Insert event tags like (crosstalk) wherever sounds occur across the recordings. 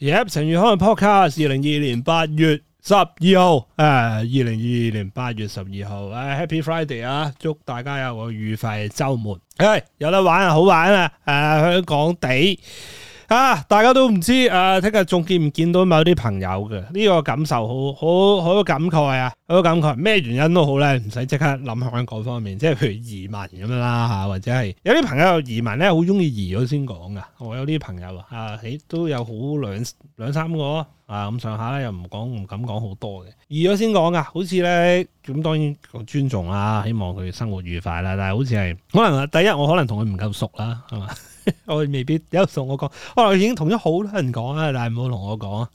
而《yep, 陳宇康嘅 Podcast》二零二年八月十二號，誒、啊，二零二二年八月十二號，誒，Happy Friday 啊！祝大家有個愉快嘅周末。誒、哎，有得玩啊，好玩啊！誒、啊，香港地啊，大家都唔知誒，聽日仲見唔見到某啲朋友嘅？呢個感受好好好感慨啊！有都感覺，咩原因都好咧，唔使即刻諗開各方面，即係譬如移民咁樣啦嚇，或者係有啲朋友移民咧，好中意移咗先講噶。我有啲朋友啊，誒都有好兩兩三個啊咁上下又，又唔講唔敢講好多嘅，移咗先講噶。好似咧，咁當然尊重啦，希望佢生活愉快啦。但係好似係可能第一，我可能同佢唔夠熟啦，係嘛， (laughs) 我未必有熟。我講。我已經同咗好多人講啊，但係唔好同我講。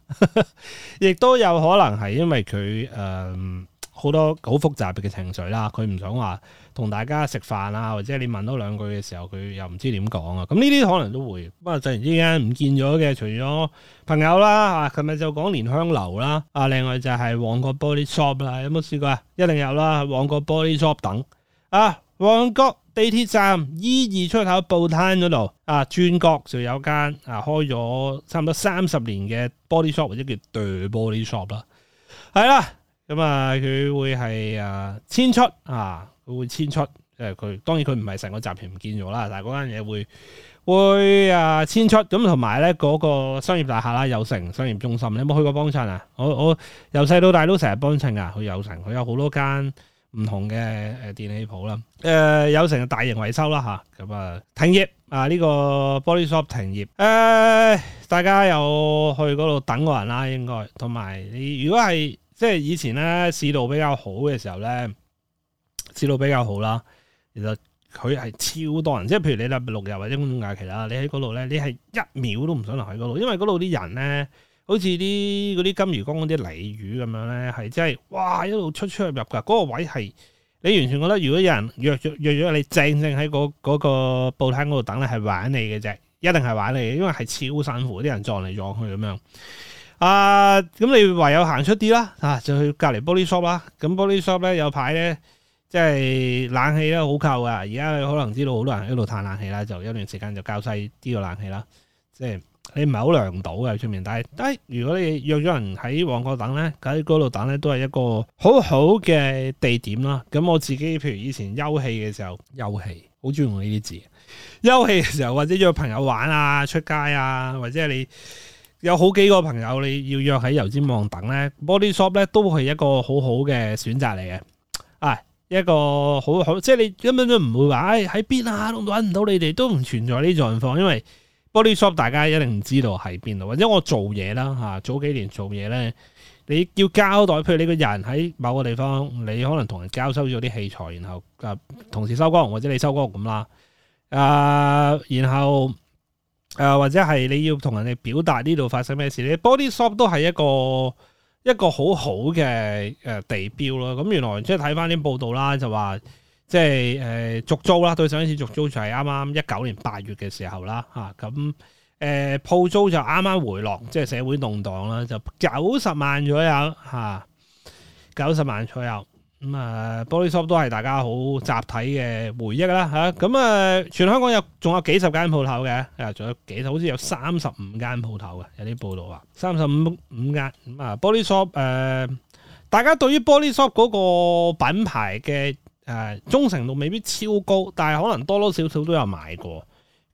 亦 (laughs) 都有可能係因為佢誒。呃好多好複雜嘅情緒啦，佢唔想話同大家食飯啊，或者你問多兩句嘅時候，佢又唔知點講啊。咁呢啲可能都會，不過，突然之間唔見咗嘅，除咗朋友啦，啊，琴日就講蓮香樓啦，啊，另外就係旺角 body shop 啦，有冇試過啊？一定有啦，旺角 body shop 等，啊，旺角地鐵站 E 二出口報攤嗰度，啊，轉角就有間啊，開咗差唔多三十年嘅 body shop，或者叫 The body shop 啦，係啦。咁、嗯、啊，佢會係啊遷出啊，佢會遷出，即、啊、佢當然佢唔係成個集團唔見咗啦，但係嗰間嘢會會啊遷出，咁同埋咧嗰個商業大廈啦，友城商業中心，你有冇去過幫襯啊？我我由細到大都成日幫襯啊，去友城，佢有好多間唔同嘅，誒電器鋪啦，誒友成大型維修啦吓，咁啊，啊停業啊呢、這個 Body Shop 停業，誒、啊、大家有去嗰度等過人啦，應該，同埋你如果係。即係以前咧，市道比較好嘅時候咧，市道比較好啦。其實佢係超多人，即係譬如你禮拜六日或者公眾假期啦，你喺嗰度咧，你係一秒都唔想留喺嗰度，因為嗰度啲人咧，好似啲嗰啲金魚缸啲鯉魚咁樣咧，係真係哇一路出出入入㗎。嗰、嗰個位係你完全覺得，如果有人約約約咗你正正喺嗰嗰個報攤嗰度等你，係玩你嘅啫，一定係玩你嘅，因為係超辛苦，啲人撞嚟撞去咁樣。啊，咁你唯有行出啲啦，啊，就去隔籬玻璃 shop 啦。咁玻璃 shop 咧，有排咧，即係冷氣咧好扣噶。而家你可能知道好多人喺度嘆冷氣啦，就一段時間就交晒啲個冷氣啦。即係你唔係好涼到嘅出面，但係但係如果你約咗人喺旺角等咧，喺嗰度等咧都係一個好好嘅地點啦。咁我自己譬如以前休憩嘅時候，休憩好中意用呢啲字，休憩嘅時候或者約朋友玩啊，出街啊，或者係你。.有好幾個朋友你要約喺油尖旺等咧，Body Shop 咧都係一個好好嘅選擇嚟嘅。啊、哎，一個好好即係你根本都唔會話，唉喺邊啊，揾唔到你哋都唔存在呢種情況，因為 Body Shop 大家一定唔知道喺邊度。或者我做嘢啦嚇，早幾年做嘢咧，你要交代，譬如你個人喺某個地方，你可能同人交收咗啲器材，然後啊同時收工或者你收工咁啦，啊、呃、然後。誒、呃，或者係你要同人哋表達呢度發生咩事咧？Body Shop 都係一個一個好好嘅誒地標咯。咁原來即係睇返啲報道啦，就話即係誒、呃、續租啦，對上一次續租就係啱啱一九年八月嘅時候啦，嚇咁誒鋪租就啱啱回落，即、就、係、是、社會動盪啦，就九十萬左右嚇，九十萬左右。啊咁啊，Body、嗯、Shop 都係大家好集體嘅回憶啦嚇。咁啊，全香港有仲有幾十間鋪頭嘅，啊仲有幾，好似有三十五間鋪頭嘅，有啲報道話三十五五間咁啊。Body、嗯、Shop 誒、呃，大家對於 Body Shop 嗰個品牌嘅誒、呃、忠誠度未必超高，但係可能多多少少都有買過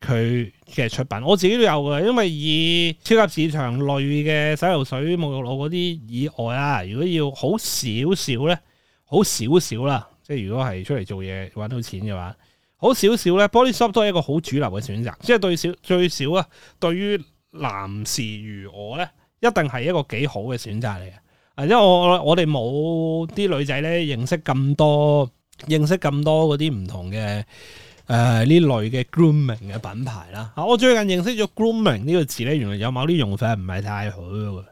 佢嘅出品。我自己都有嘅，因為以超級市場類嘅洗頭水、沐浴露嗰啲以外啊，如果要好少少咧。好少少啦，即係如果係出嚟做嘢搵到錢嘅話，好少少咧。Body Shop 都係一個好主流嘅選擇，即係對少最少啊。對於男士如我咧，一定係一個幾好嘅選擇嚟嘅。啊，因為我我哋冇啲女仔咧認識咁多，認識咁多嗰啲唔同嘅誒呢類嘅 grooming 嘅品牌啦。啊，我最近認識咗 grooming 呢個字咧，原來有某啲用法唔係太好嘅。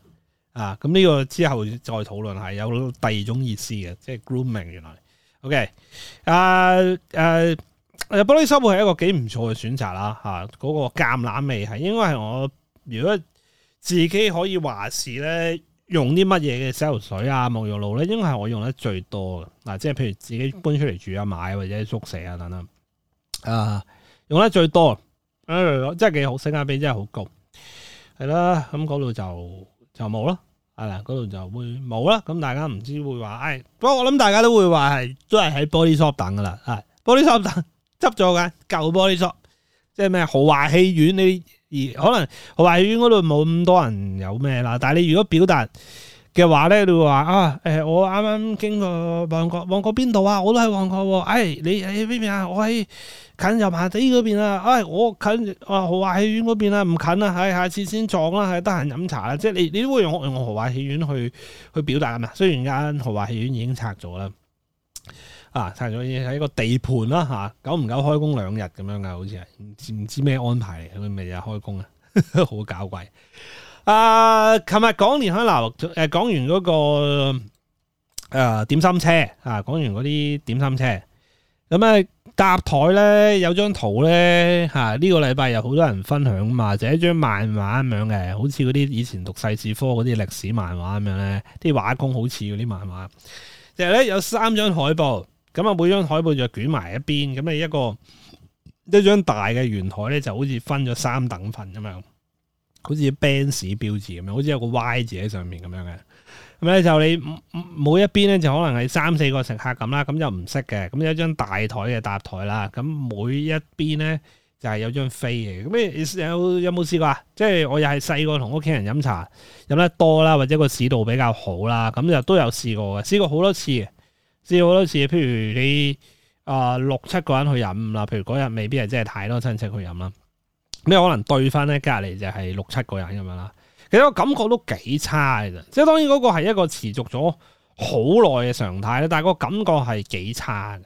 啊，咁呢個之後再討論下，有第二種意思嘅，即係 grooming 原來。OK，啊誒，Body Shop 係一個幾唔錯嘅選擇啦，吓嗰個橄欖味係，應該係我如果自己可以話事咧，用啲乜嘢嘅洗頭水啊、沐浴露咧，應該係我用得最多嘅。嗱，即係譬如自己搬出嚟住啊、買或者宿舍啊等等，啊用得最多，啊即係幾好，性價比真係好高，係啦，咁嗰度就就冇咯。係啦，嗰度、啊、就會冇啦，咁大家唔知會話，誒，不過我諗大家都會話係，都係喺 body shop 等噶啦，係 body shop 等執咗嘅舊 body shop，即係咩豪華戲院你而可能豪華戲院嗰度冇咁多人有咩啦，但係你如果表達。嘅話咧，你會話啊，誒、欸，我啱啱經過旺角，旺角邊度啊，我都喺旺角。誒、哎，你喺邊邊啊？我喺近油麻地嗰邊啊。誒、哎，我近豪華戲院嗰邊啊，唔近啊。係、哎，下次先撞啦，係得閒飲茶啦。即係你，你都會用用豪華戲院去去表達啊嘛。雖然間豪華戲院已經拆咗啦，啊，拆咗已經係一個地盤啦吓。久唔久開工兩日咁樣噶，好似係唔知唔知咩安排嚟，佢咪又開工啊？好搞鬼。」啊！琴日講聯想樓，誒，講完嗰、嗰個誒點心車啊，講完嗰啲點心車，咁啊,啊搭台咧有張圖咧吓，呢、啊呢個禮拜有好多人分享啊嘛，就係一張漫畫咁樣嘅，好似嗰啲以前讀世事科嗰啲歷史漫畫咁樣咧，啲畫工好似嗰啲漫畫，就係咧有三張海報，咁啊每張海報就捲埋一邊，咁啊一個一張大嘅圓台咧就好似分咗三等份咁樣。好似 Benz 標誌咁樣，好似有個 Y 字喺上面咁樣嘅，咁、嗯、咧就你每一邊咧就可能係三四個食客咁啦，咁就唔識嘅。咁有一張大台嘅搭台啦，咁每一邊咧就係、是、有張飛嘅。咁你有有冇試過啊？即、就、係、是、我又係細個同屋企人飲茶，飲得多啦，或者個市道比較好啦，咁就都有試過嘅，試過好多次，試過好多次。譬如你啊、呃、六七個人去飲啦，譬如嗰日未必係真係太多親戚去飲啦。你可能對翻咧？隔離就係六七個人咁樣啦。其實個感覺都幾差嘅啫。即係當然嗰個係一個持續咗好耐嘅常態啦。但係個感覺係幾差嘅。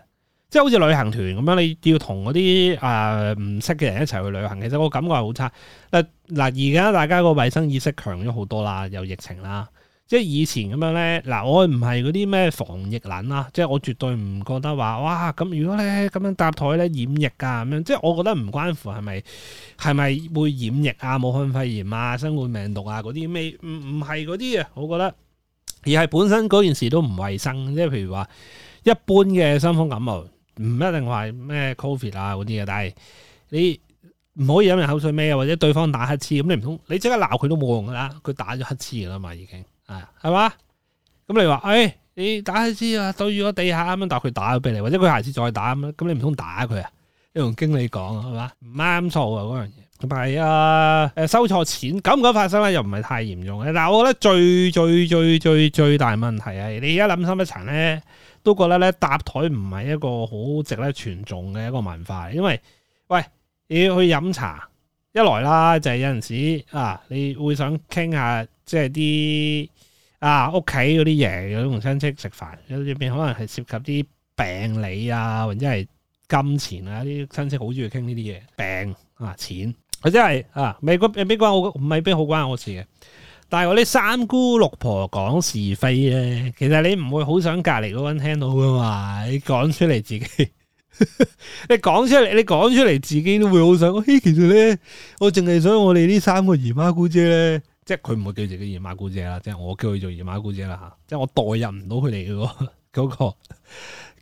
即係好似旅行團咁樣，你要同嗰啲誒唔識嘅人一齊去旅行。其實個感覺係好差。嗱嗱，而家大家個衛生意識強咗好多啦，有疫情啦。即係以前咁樣咧，嗱，我唔係嗰啲咩防疫撚啊，即係我絕對唔覺得話哇咁，如果咧咁樣搭檯咧染疫啊，咁樣，即係我覺得唔關乎係咪係咪會染疫啊、武漢肺炎啊、新冠病毒啊嗰啲咩？唔唔係嗰啲啊。我覺得，是是是是我覺得而係本身嗰件事都唔衞生。即係譬如話一般嘅傷風感冒，唔一定話咩 Covid 啊嗰啲嘅，但係你唔可以飲人口水咩？或者對方打乞嗤咁，你唔通你即刻鬧佢都冇用㗎啦，佢打咗乞嗤㗎啦嘛已經。係，係嘛？咁你話，誒、哎，你打一次啊，對住個地下啱啱，但佢打咗俾你，或者佢下次再打咁，你唔通打佢啊？你同經理講，係嘛？唔啱數啊，嗰樣嘢同埋啊，誒，收錯錢，敢唔敢發生咧？又唔係太嚴重。嘅。但，我覺得最最最最最，最大問題啊，你而家諗深一層咧，都覺得咧搭檯唔係一個好值得傳頌嘅一個文化，因為喂，你要去飲茶，一來啦就係、是、有陣時啊，你會想傾下即係啲。啊屋企嗰啲嘢，有啲同親戚食飯，有啲可能係涉及啲病理啊，或者係金錢啊，啲親戚好鍾意傾呢啲嘢。病啊，錢，或者係啊，唔係關唔係邊好關我事嘅。但係我啲三姑六婆講是非咧，其實你唔會好想隔離嗰個人聽到噶嘛。你講出嚟自己，你講出嚟，你講出嚟自己都會好想、哎。其實咧，我淨係想我哋呢三個姨媽姑姐咧。即係佢唔會叫自己姨媽姑姐啦，即係我叫佢做姨媽姑姐啦吓，即係我代入唔到佢哋嗰嗰個、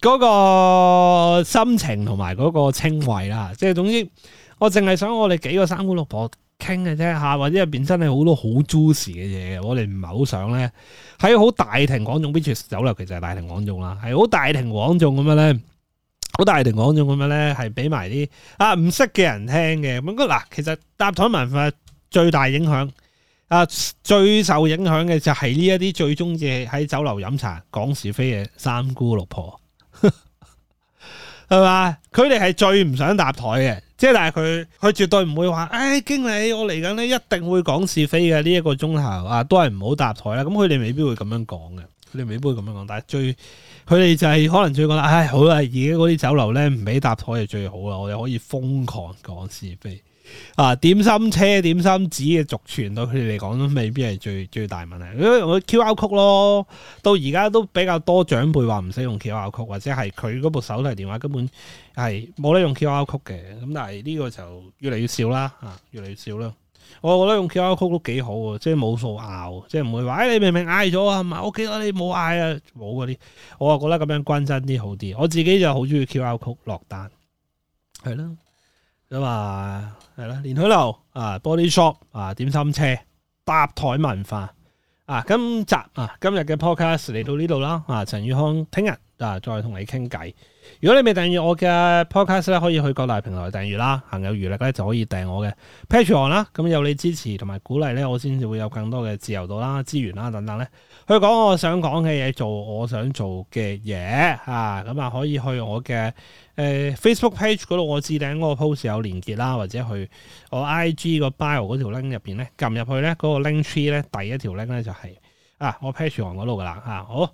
嗰個嗰個心情同埋嗰個稱謂啦。即係總之，我淨係想我哋幾個三姑六婆傾嘅啫吓，或者入邊真係好多好 juicy 嘅嘢，我哋唔係好想咧喺好大庭廣眾，BTS 走嚟其實係大庭廣眾啦，係好大庭廣眾咁樣咧，好大庭廣眾咁樣咧，係俾埋啲啊唔識嘅人聽嘅咁嗱。其實搭台文化最大影響。啊！最受影響嘅就係呢一啲最中意喺酒樓飲茶講是非嘅三姑六婆，係 (laughs) 嘛？佢哋係最唔想搭檯嘅，即係但係佢佢絕對唔會話，唉、哎，經理，我嚟緊呢，一定會講是非嘅呢一個鐘頭啊，都係唔好搭檯啦。咁佢哋未必會咁樣講嘅，佢哋未必會咁樣講，但係最。佢哋就係可能最覺得，唉，好啦，而家嗰啲酒樓咧唔俾搭檯就最好啦，我哋可以瘋狂講是非啊！點心車、點心紙嘅續傳對佢哋嚟講都未必係最最大問題。如果用 QR Code 咯，到而家都比較多長輩話唔使用 QR Code，或者係佢嗰部手提電話根本係冇得用 QR Code 嘅。咁但係呢個就越嚟越少啦，啊，越嚟越少啦。我覺得用 QR code 都幾好喎，即係冇數拗，即係唔會話，誒、哎、你明明嗌咗啊嘛，O.K. 你冇嗌啊，冇嗰啲，我啊覺得咁樣均真啲好啲。我自己就好中意 QR code 落單，係咯，咁啊，係啦，蓮香樓啊，Body Shop 啊，點心車，搭檯文化啊，今集啊今日嘅 podcast 嚟到呢度啦，啊，啊陳宇康聽，聽日。啊！再同你傾偈。如果你未訂閱我嘅 podcast 咧，可以去各大平台訂閱啦。行有餘力咧，就可以訂我嘅 Patreon 啦。咁有你支持同埋鼓勵咧，我先至會有更多嘅自由度啦、資源啦等等咧。去講我想講嘅嘢，做我想做嘅嘢啊！咁啊，可以去我嘅誒、呃、Facebook page 嗰度，我置頂嗰個 post 有連結啦，或者去我 IG 個 bio 嗰條 link 入邊咧，撳入去咧，嗰個 link tree 咧，第一條 link 咧就係、是、啊，我 Patreon 嗰度噶啦啊，好。